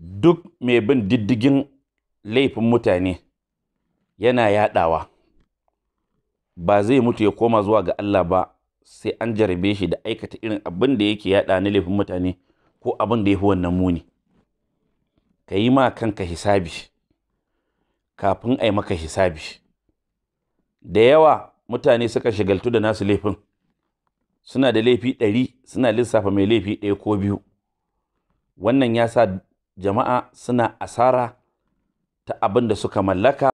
duk mai bin diddigin laifin mutane yana yaɗawa ba zai mutu ya koma zuwa ga Allah ba sai an jarabe shi da aikata irin abin da yake yaɗa na laifin mutane ko abin da ya fi wannan muni ka yi ma kanka hisabi kafin a yi maka hisabi da yawa mutane suka shigaltu da nasu laifin suna da laifi ɗari suna lissafa mai laifi ɗaya ko biyu wannan ya sa jama'a suna asara ta abin da suka mallaka